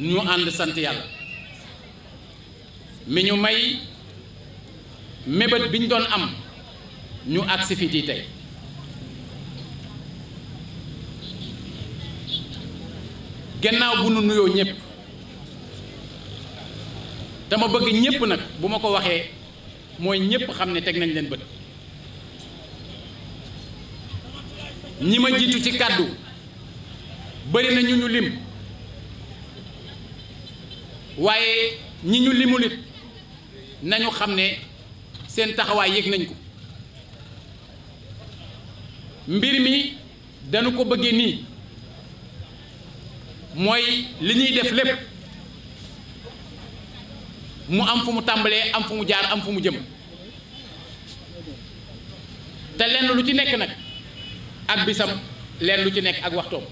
ñu ànd sant yàlla mi ñu may mébét bi ñu doon am ñu agsi fii di tey gannaaw bu nu nuyoo ñëpp dama bëgg ñëpp nag bu ma ko waxee mooy ñëpp xam ne teg nañ leen bët ñi ma jiitu ci kàddu bari na ñu ñu lim. waaye ñi ñu limul it nañu xam ne seen taxawaay yëg nañ ko mbir mi dañu ko bëggee nii mooy li ñuy def lépp mu am fu mu tàmbalee am fu mu jaar am fu mu jëm te lenn lu ci nekk nag ak bisam lenn lu ci nekk ak waxtoom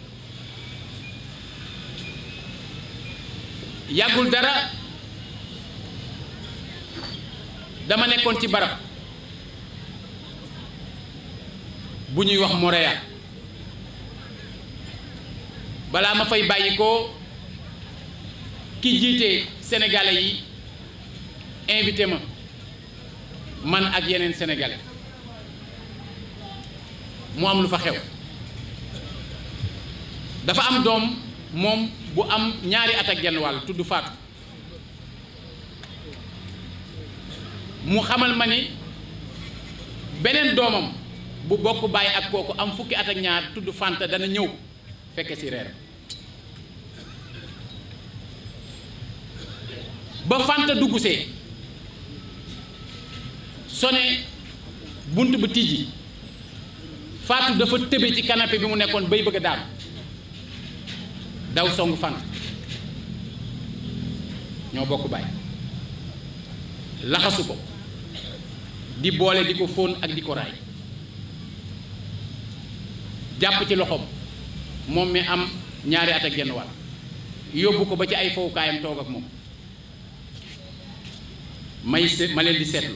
yàggul dara dama nekkoon ci barab bu ñuy wax Moréa balaa ma fay bàyyi ko ki jiite sénégalais yi invité ma man ak yeneen sénégalais mu am lu fa xew dafa am doom moom bu am ñaari at ak genn wàll tudd faatu mu xamal ma ni beneen doomam bu bokk bàyyi ak kooku am fukki at ak ñaar tudd fanta dana ñëw fekke ci reer ba fanta duggsee sone bunt ba tijji faatu dafa tëbe ci canapé bi mu nekkoon bay bëgg a daw song fànq ñoo bokk bàyyi laxasu ko di boole di ko fóon ak di ko raay jàpp ci loxoom moom mi am ñaari at ak genn wàll yóbbu ko ba ci ay fowukaayam toog ak moom may se ma leen di seetlu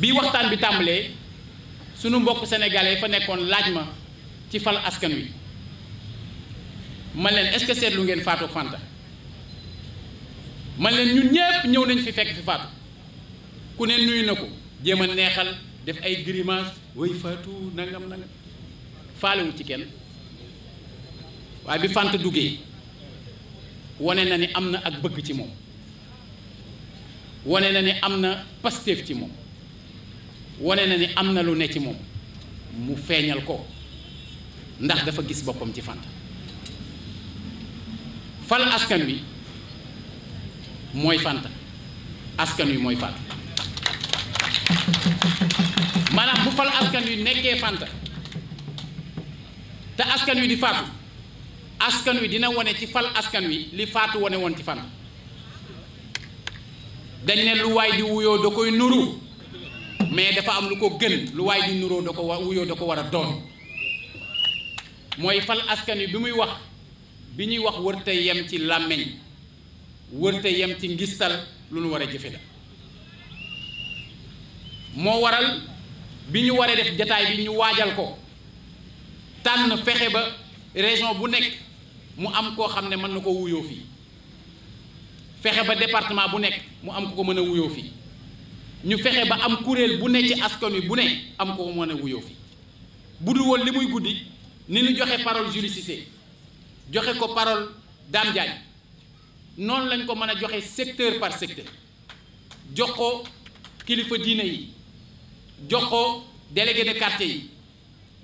bi waxtaan bi tàmbalee sunu mbokk sénégalais fa nekkoon laaj ma ci fal askan wi man leen est-ce que seetlu ngeen Fatou Fanta man leen ñun ñëpp ñëw nañ fi fekk fi Fatou ku ne nuyu na ko jéem a neexal def ay grimace way Fatou nangam nangam faalewu ci kenn waaye bi Fanta duggee wane na ni am na ak bëgg ci moom wane na ni am na Pastef ci moom wane na ni am na lu ne ci moom mu feeñal ko ndax dafa gis boppam ci Fanta fal askan wi mooy Fanta askan wi mooy Fatou maanaam bu fal askan wi nekkee Fanta te askan wi di Fatou askan wi dina wane ci fal askan wi li faatu wone woon ci Fanta dañ ne lu waay di wuyoo da koy nuru mais dafa am lu ko gën lu waay di nuroo da ko wa wuyoo da ko war a doon mooy fal askan wi bi muy wax. bi ñuy wax wërte yem ci làmmiñ wërte yem ci ngistal lu nu war a jëfe la moo waral bi ñu waree def jataay bi ñu waajal ko tànn fexe ba région bu nekk mu am koo xam ne mën na ko wuyoo fii fexe ba departement bu nekk mu am ko ko mën a wuyoo fii ñu fexe ba am kuréel bu ne ci askan wi bu ne am ko ko mën a wuyoo fii bu dul woon li muy guddi ni ñu joxe parole Jules joxe ko parole Dame Diagne noonu lañ ko mën a joxe secteur par secteur jox ko kilifa diine yi jox ko délégué de quartier yi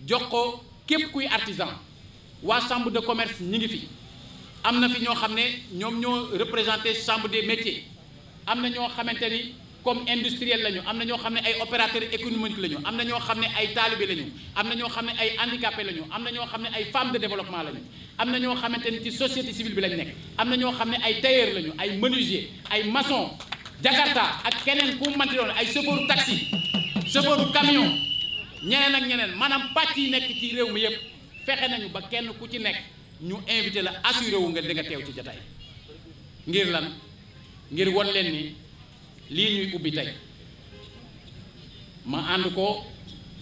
jox ko képp kuy artisan waa chambre de commerce ñi ngi fi am na fi ñoo xam ne ñoom ñoo représenté samb de métiers am na ñoo xamante ni comme industriel la am na ñoo xam ne ay opérateur économique la ñu am na ñoo xam ne ay taalibe la am na ñoo xam ne ay handicapé la ñu am na ñoo xam ne ay femme de développement la am na ñoo xamante ni ci société civile bi lañ nekk am na ñoo xam ne ay tailleur la ñu ay menuisier ay mason jakarta ak keneen ku manti doon ay chauffeur taxi chauffeur camion ñeneen ak ñeneen maanaam pàcc yi nekk ci réew mi yëpp fexe nañu ba kenn ku ci nekk ñu invité la assuré wu nga di nga teew ci jataay ngir lan ngir won leen ni lii ñuy ubbi tey ma ànd ko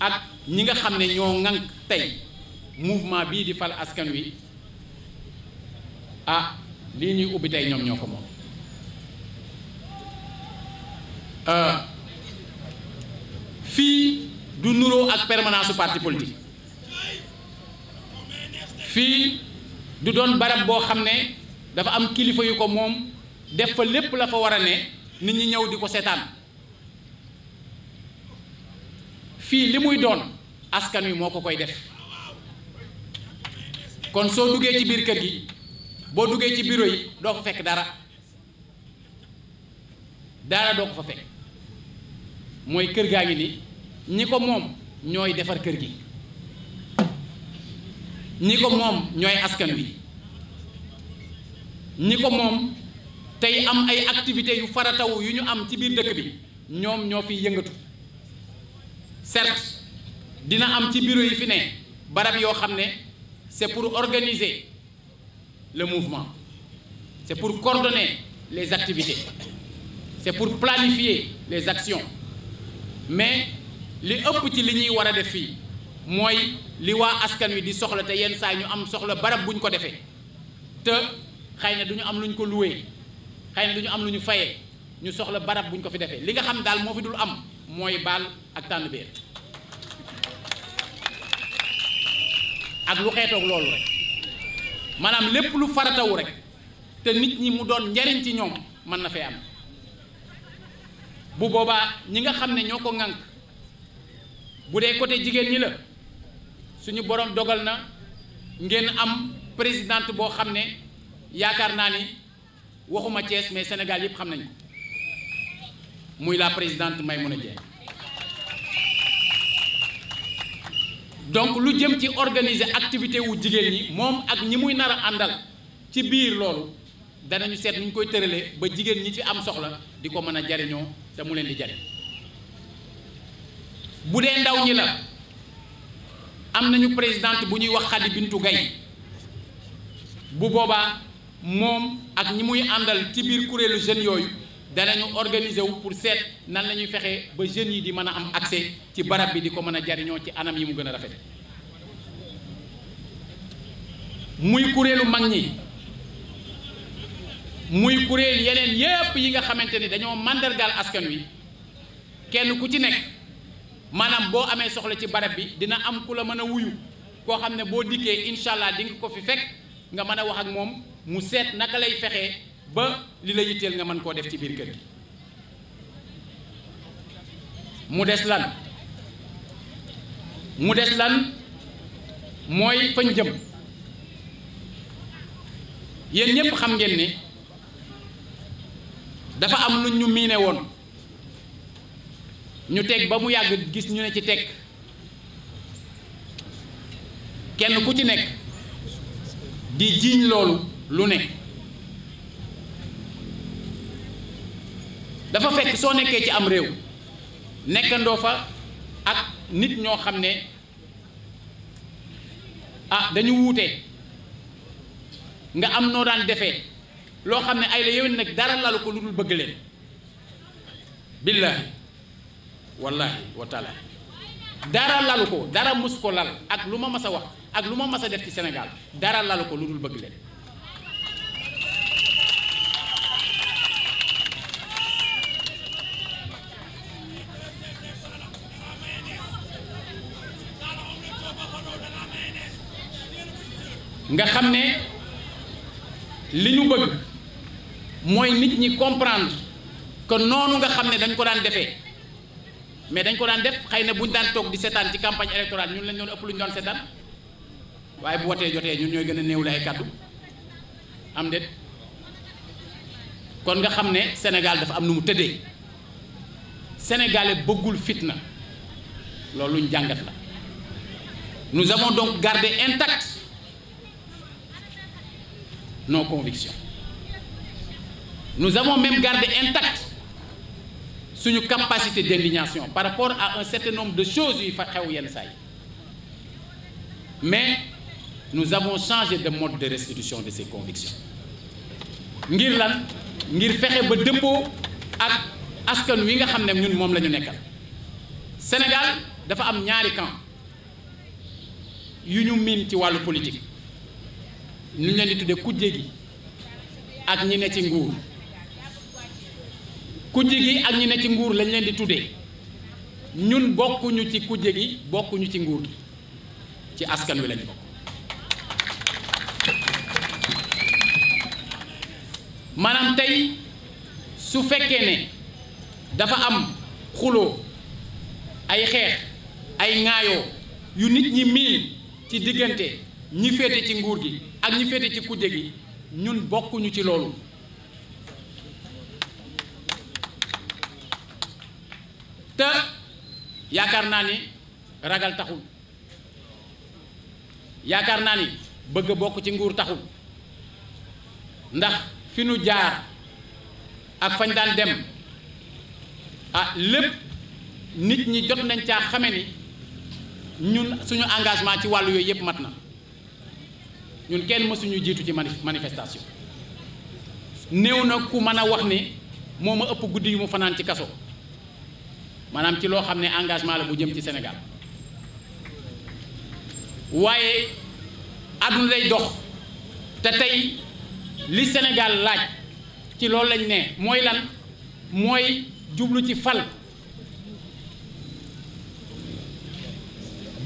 ak ñi nga xam ne ñoo ŋànk tey mouvement bii di fal askan wi a ah, lii ñuy ubbi tey ñoom ñoo ko moom ah, fii du nuroo ak permanence su parti fii du doon barab boo xam ne dafa am kilifa yu ko moom def fa lépp la fa war a ne nit ñi ñëw di ko seetaan fii li muy doon askan wi moo ko koy def kon soo duggee ci biir kër gi boo duggee ci bureau yi doo fa fekk dara dara doo ko fa fekk mooy kër gaa ngi ni ñi ko moom ñooy defar kër gi ñi ko moom ñooy askan wi ñi ko moom tey am ay activités yu farataw yu ñu am ci biir dëkk bi ñoom ñoo fiy yëngatu certes dina am ci bureau yi fi ne barab yoo xam ne c'est pour organiser le mouvement c'est pour coordonner les activités c'est pour planifier les actions mais li ëpp ci li ñuy war a def fii mooy li waa askan wi di soxla te yenn saa ñu am soxla barab bu ñu ko defee te xëy na du ñu am lu ñu ko loué. xay na lu ñu am lu ñu fayee ñu soxla barab bu ñu ko fi defee li nga xam daal moo fi dul am mooy baal ak tànn béer ak lu xeetoog loolu rek maanaam lépp lu faratawu rek te nit ñi mu doon njariñ ci ñoom mën na fee am bu boobaa ñi nga xam ne ñoo ko ŋànk bu dee côté jigéen ñi la suñu borom dogal na ngeen am présidente boo xam ne yaakaar naa ni waxuma Thiès mais Sénégal yëpp xam nañ ko muy la présidente Maymouna Dieng donc lu jëm ci organiser activité wu jigéen ñi moom ak ñi muy nar a àndal ci biir loolu danañu seet nu ñu koy tëralee ba jigéen ñi ci am soxla di ko mën a jariñoo te mu leen di jariñ bu dee ndaw ñi la am nañu présidente bu ñuy wax Khady Bintou Gaye bu boobaa moom ak ñi muy àndal ci biir kuréelu jeunes yooyu danañu organiser wu pour seet nan la ñuy fexe ba jeunes yi di mën a am accès ci barab bi di ko mën a jariñoo ci anam yi mu gën a rafet muy kuréelu mag ñi muy kuréel yeneen yépp yi nga xamante ni dañoo màndargaal askan wi kenn ku ci nekk maanaam boo amee soxla ci barab bi dina am ku la mën a wuyu koo xam ne boo dikkee incha allah di nga ko fi fekk nga mën a wax ak moom mu seet naka lay fexe ba li la yitteel nga mën koo def ci biir kër gi mu des lan mu des lan mooy fañ jëm yéen ñëpp xam ngeen ni dafa am lu ñu miine woon ñu teg ba mu yàgg gis ñu ne ci teg kenn ku ci nekk di jiiñ loolu lu ne dafa fekk soo nekkee ci am réew nekkandoo fa ak nit ñoo xam ne ah dañu wuute nga am noo daan defee loo xam ne ay la yéwén dara lalu ko lu dul bëgg leen billaahi wallaahi wa taala dara lalu ko dara mus ko lal ak lu ma mas a wax ak lu ma mas a def ci Sénégal dara lalu ko lu dul bëgg leen nga xam ne li ñu bëgg mooy nit ñi comprendre que noonu nga xam ne dañ ko daan defee mais dañ ko daan def xëy na buñ daan toog di seetaan ci campagne électorale ñun lañ doon ëpp lu ñu doon seetaan waaye bu watee jotee ñun ñooy gën a néewle ay kàddu am déet kon nga xam ne Sénégal dafa am nu mu tëddee sénégalais bëggul fitna loolu ñu jàngat la nous avons donc gardé intact nos convictions nous avons même gardé intacte suñu capacité d'indignation par rapport à un certain nombre de choses yuy fa xew yenn saa yi mais nous avons changé de mode de restitution de ces convictions ngir lan ngir fexe ba dëppoo ak askan wi nga xam ne ñun moom la ñu nekkal Sénégal dafa am ñaari camp yu ñu miin ci wàllu politique ñu leen di tudde kujje gi ak ñi ne ci nguur kujje gi ak ñi ne ci nguur lañ leen di tuddee ñun bokkuñu ci kujje gi bokkuñu ci nguur gi ci askan wi lañ bokk maanaam tey su fekkee ne dafa am xuloo ay xeex ay ŋaayoo yu nit ñi miin ci diggante ñi féete ci nguur gi ak ñi féete ci kujje gi ñun bokkuñu ci loolu te yaakaar naa ni ragal taxul yaakaar naa ni bëgg bokk ci nguur taxul ndax fi nu jaar ak fañ daan dem ah lépp nit ñi jot nañ caa xame ni ñun suñu engagement ci wàllu yooyu yëpp mat na ñun kenn mësuñu jiitu ci manifestation néew na ku mën a wax ni mooma ëpp guddi yu mu fanaan ci kaso maanaam ci loo xam ne engagement la bu jëm ci senegal waaye àdduna day dox te tey li Sénégal laaj ci loolu lañ ne mooy lan mooy jublu ci fal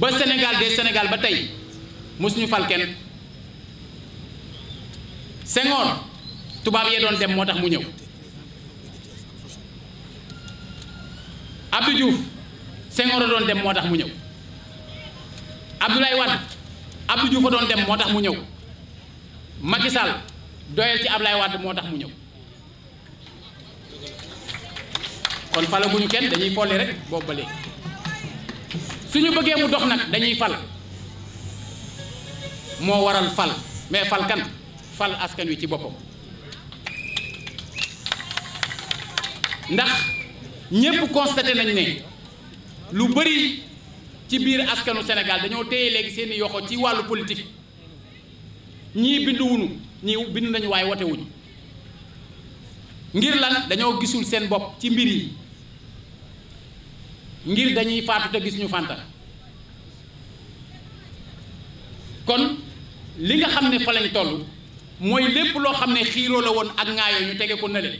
ba Sénégal de Sénégal ba tey mosuñu fal kenn Senghor tubaab yee doon dem moo tax mu ñëw Abdou Diouf Senghor a doon dem mu ñëw Abdoulaye Wade Abdou doon dem moo tax mu ñëw Macky Sall doyal ci Abdoulaye Wade moo tax mu ñëw kon falaguñu kenn dañuy folli rek boobu ba léegi suñu bëggee mu dox nag dañuy fal moo waral fal mais fal fal askan wi ci boppam ndax ñépp constaté nañ ne lu bari ci biir askanu Sénégal dañoo téye léegi seeni yoxo ci wàllu politique ñii bindu wuñu bindu nañu waaye wotewuñ ngir lan dañoo gisul seen bopp ci mbir yi ngir dañuy faatu gis ñu fànta kon li nga xam ne fa lañ mooy lépp loo xam ne xiiroo la woon ak ŋaayoo ñu tege ko nële